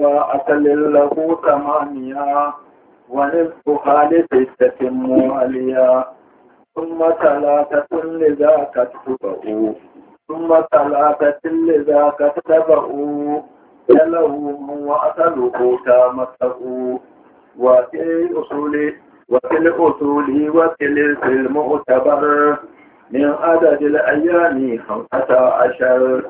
وأكل له ثمانيا ونصفها لتستتم عليا ثم ثلاثة لذاك تبعوا ثم ثلاثة لذاك تبعوا يلهم وأكله تامته وفي أصول وفي الأصول وكل في المعتبر من عدد الأيام خمسة عشر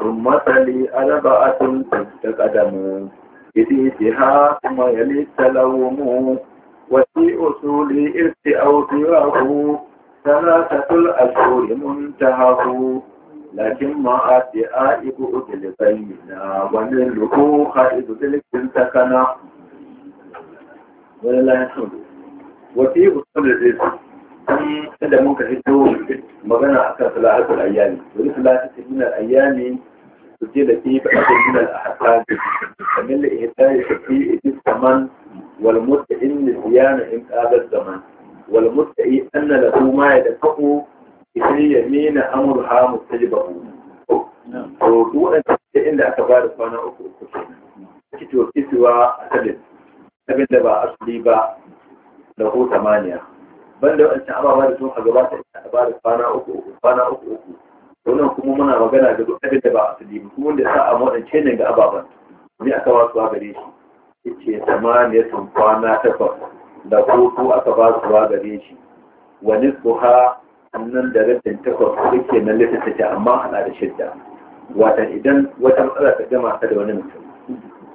rummatali arba'atun ta qadamu idisiha kuma yali talawumu wa fi usuli irti aw tirahu thalathatul ashhuri muntahu lakin ma ati aibu utili bayina wa lil ruha idu tilkin takana wala la yasudu wa fi usuli irti can da muka hito magana a kan salahatul ayyami wani salahatul min al-ayyami tuje da ke ba da min al-ahsab kamil ihtai fi zaman wal mut'in liyana in qadar zaman wal mut'i anna lahu ma yadfa'u fi yamina amruha mustajibahu to duk da inda aka ba da kwana uku uku kenan kito kitowa asalin abinda ba asali ba lahu tamaniya banda wancan ababa da sun a gabata ina da bada kwana uku uku kwana uku uku wannan kuma muna magana da duk abin da ba a sani ba kuma wanda sa a wadance ne ga ababan ne aka ba su a gare shi yace samaniyatun kwana takwas da kotu aka ba su a gare shi wa nisbuha annan da rabin takwas yake nan lafiya amma hana da shidda wata idan wata matsala ta gama ta da wani mutum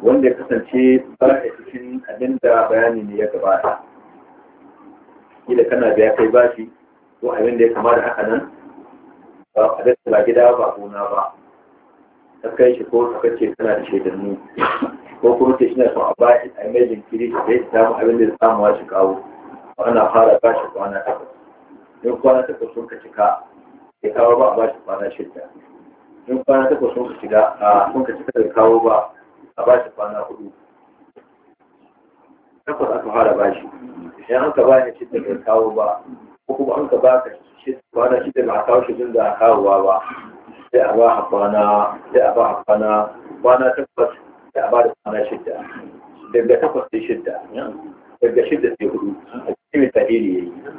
wanda ya kasance ba a cikin abin da bayani ne ya gabata kila kana biya kai bashi ko abin da ya kama da haka nan ba a dace ba gida ba gona ba ta kai shi ko ta ce kana da shaidannu ko kuma ce shine son a bashi a mai jinkiri shi sai samu abin da samuwa shi kawo ana fara bashi kwana takwas in kwana takwas sun ka cika ya kawo ba a bashi kwana shida in kwana takwas sun ka shiga a sun ka cika da kawo ba a bashi kwana hudu takwas aka fara bashi idan an ka bani shi da kawo ba ko kuma an ka ba ka shi kwana shi da ba kawo shi da a kawowa ba sai a ba a kwana sai a ba a kwana kwana takwas sai a ba da kwana shidda daga takwas sai shidda daga shidda sai hudu a cikin misali ya yi idan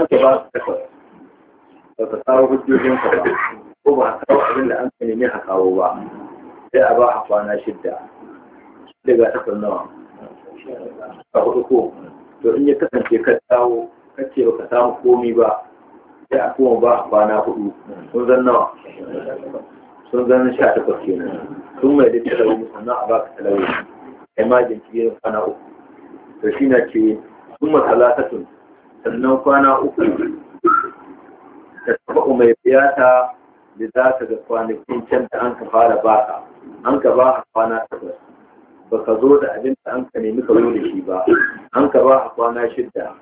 an ka ba ka takwas ba ka kawo hujjojin ka ba ko ba kawo abin da an ka nemi a kawo ba sai a ba a kwana shidda daga takwas nawa a hudu ko to in ya kasance ka dawo kace baka samu komi ba sai a kuma ba kwana hudu sun zan nawa sun zan sha takwas kenan sun mai da talawi sannan a baka talawi emergency yin kwana uku to shi na ce sun matalatatun sannan kwana uku ta taba mai biyata da za ka ga kwanakin can da an ka fara baka an ka ba a kwana takwas ba ka zo da abin da an ka nemi ka zo da shi ba an ka ba a kwana shidda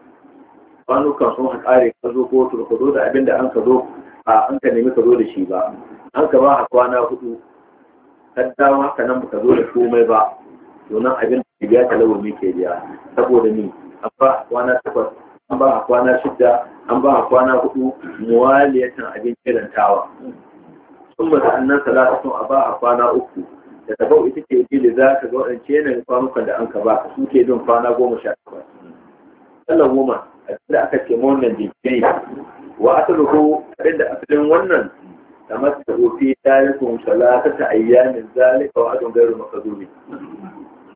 kwanukan sun a kare ka zo kotu ba ka zo da abin da an ka zo a an ka nemi ka zo da shi ba an ka ba a kwana hudu ka dawo haka nan ba ka zo da komai ba to nan abin da ke biya mai ke biya saboda ni an ba a kwana takwas an ba a kwana shidda an ba a kwana hudu muwaliyatan abin kirantawa sun ba annan salatu sun a ba a kwana uku da tabau ita ce da za ka ga waɗance yanayin kwanukan da an ka ba su ke don kwana goma sha takwas sallan goma da aka ce ma wannan jinkiri wa asaluhu da asalin wannan da masu ofi tarikun ta ayyamin zalika wa adon gairu makazumi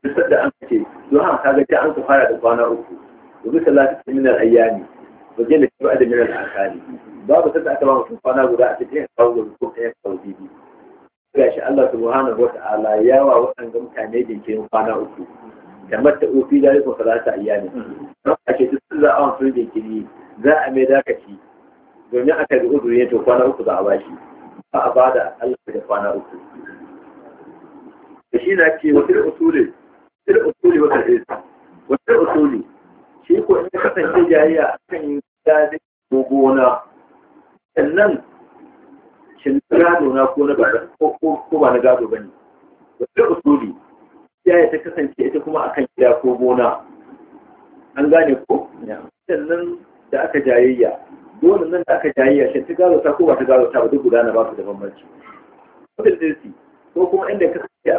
duk da an ce don haka kaga ta an ka fara da kwana uku domin salatata min al-ayyami wa jalla ba'da da minar alkali. babu sadda aka ba mutum kwana guda a cikin kawo gobe ko kayan kawo bibi gashi Allah subhanahu wata'ala ya wa waɗanda mutane jinkirin kwana uku da matta ofi da rikon salata a yamin a ce duk za a wani jinkiri za a mai dakaci domin aka ga uzuri ne to kwana uku za a bashi ba a bada Allah da kwana uku da shi na ce wasu usuli wasu usuli wata isa wasu usuli shi ko in kasance jayayya yin gado na ko na gado ko ba na gado ba ne wanda usuli ya ta kasance ita kuma akan gida ko gona an gane ko sannan da aka jayayya dole nan da aka jayayya shi ta gado ta ko ba ta gado ta ba duk gudana ba su da bambanci ko ko kuma inda ka